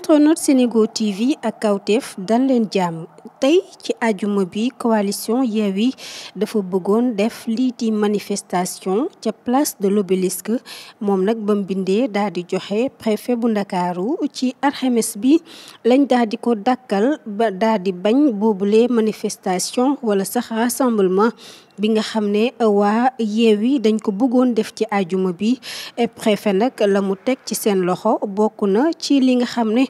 internet Sénégo TV ak kawteef dal leen jàmm tey ci ajuma bi coalition Yewwi dafa bëggoon def lii di manifestation ca place de l'obélisque moom nag bam bindee daal di joxe préfet bu ndakaaru ci alxames bi lañ daal di ko dàkkal ba daal di bañ boobule manifestation wala sax rassemblement bi nga xam ne waa Yewwi dañ ko bëggoon def ci ajuma bi préfet nag la teg ci seen loxo bokk na ci li nga xam ne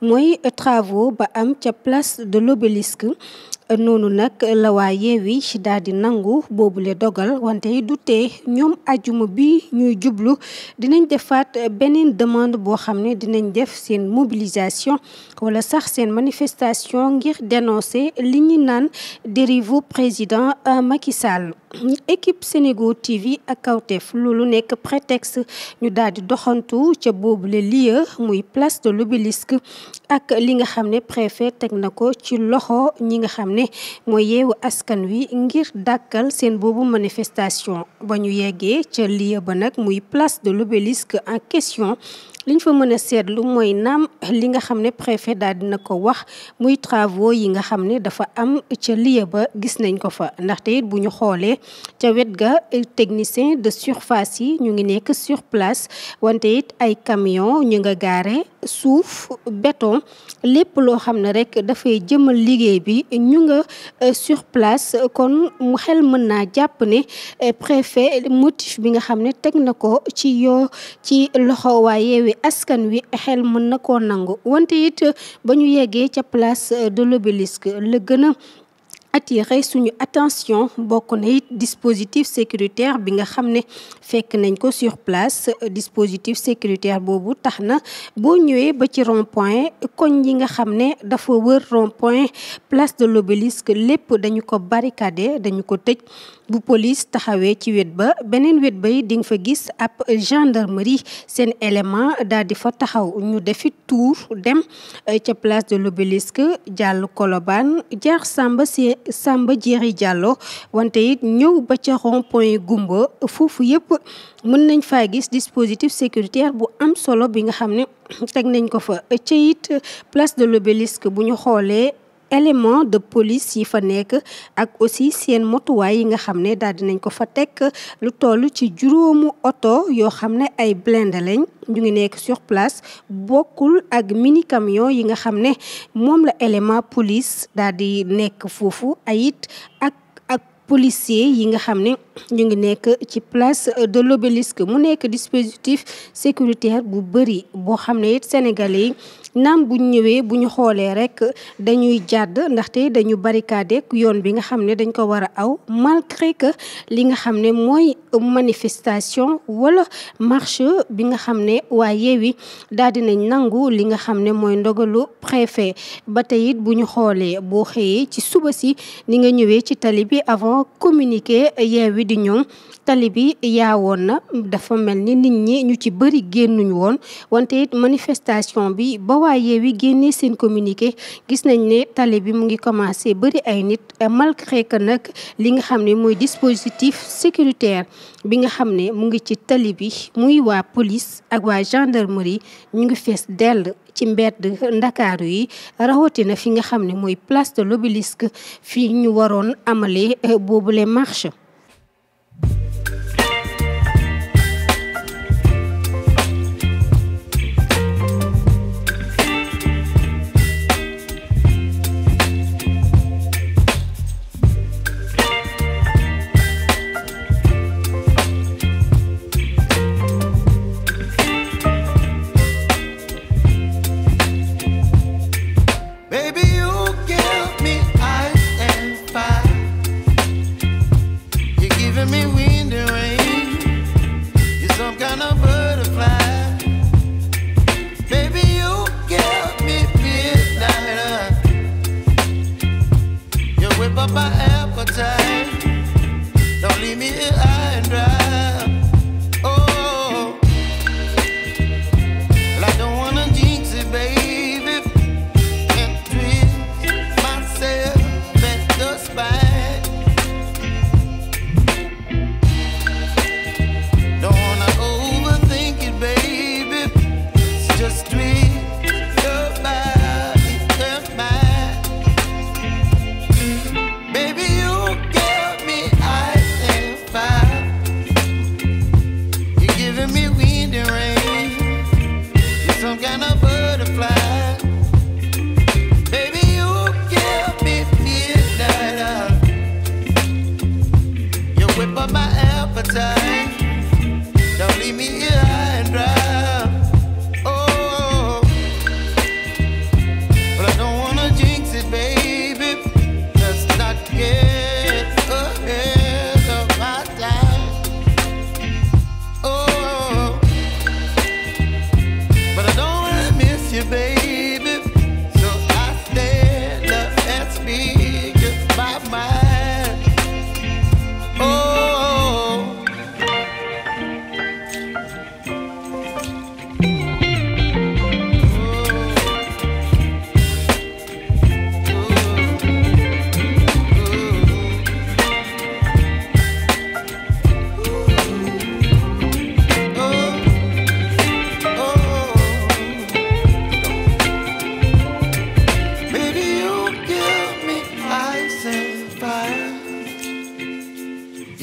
mooy travaux ba am ca place de l'obélisque noonu nag la waa ci daal di nangu boobule dogal wante du tee ñoom ajuma bi ñuy jublu dinañ defaat beneen demande boo xam ne dinañ def seen mobilisation wala sax seen manifestation ngir dénoncer li ñu naan dérive président Macky Sall équipe Sénégo ak Kawtef loolu nekk prétexte ñu daal di doxantu ca boobule lieu muy place de l'obélisque ak li nga xam ne préfet teg na ko ci loxo ñi nga xam ne mooy yeewu askan wi ngir dàkkal seen boobu manifestation ba ñu yeggee ca lieu ba nag muy place de l'obélisque en question liñ fa mën a seetlu mooy naam li nga xam ne préfet daal dina ko wax muy travaux yi nga xam ne dafa am ca lieu ba gis nañ ko fa ndaxte it bu ñu xoolee ca wet ga technicien de surface yi ñu ngi nekk sur place wante it ay camion ñu nga gaare suuf béton lépp loo xam ne rek dafay jëmal liggéey bi ñu nga euh, sur place kon mu xel mën naa jàpp ne euh, préfet motif bi nga xam ne teg na ko ci yoo ci loxo waaye wi askan wi xel mën na ko nangu wante it ba ñu yeggee ca place euh, de l'obélisque la gën a attiré suñu attention bokk na dispositif sécuritaire bi nga xam ne fekk nañ ko sur place dispositif sécuritaire boobu tax na boo ñëwee ba ci rond point koñ yi nga xam ne dafa wër rond point place de l'obélisque lépp dañu ko barricadé dañu ko tëj bu police taxawee ci wet ba beneen wet ba di nga fa gis ab gendarmerie seen élément daal di fa taxaw ñu defi tour dem euh, ca place de l'obélisque jàll Colobane jaar Samba si Samba Jeeri Jàllo wante it ñëw ba ca rond point Gumba foofu yëpp mën nañ faa gis dispositif sécuritaire bu am solo bi nga xam ne teg nañ ko fa ca it place de l'obélisque bu ñu xoolee élément de police yi fa nekk ak aussi seen motuwaay yi nga xam ne daal nañ ko fa teg lu toll ci juróomu oto yoo xam ne ay blindé lañ ñu ngi nekk sur place bokkul ak mini camion yi nga xam ne moom la élément police daal di nekk foofu ay it ak ak policier yi nga xam ne ñu ngi nekk ci place de l'obélisque mu nekk dispositif sécuritaire bu bëri boo xam ne it sénégalais yi naam buñ ñëwee bu ñu xoolee rek dañuy jàdd ndaxte dañu barricade yoon bi nga xam ne dañ ko war a aw malgré que li nga xam ne mooy manifestation wala marche bi nga xam ne waaye Yewwi daal nañ nangu li nga xam ne mooy ndogalu préfet ba tey it bu ñu xoolee boo xëyee ci suba si ni nga ñëwee ci tali bi avant communiqué Yewwi di ñoom tali bi yaawoon na dafa mel ni nit ñi ñu ci bëri génnuñu woon wante it manifestation bi ba waaye wi génne seen communiqué gis nañ ne tali bi mu ngi commencé bëri ay nit malgré que nag li nga xam ne mooy dispositif sécuritaire bi nga xam ne mu ngi ci tali bi muy waa police ak waa gendarmerie ñu ngi fees dell ci mbedd ndakaaru yi rawatina fi nga xam ne mooy place de l'obélisque fii ñu waroon amalee eh, boobule marche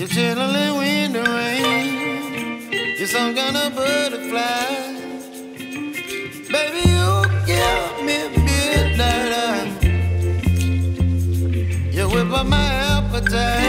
You're chilling Baby, you give me midnight. You whip up my appetite.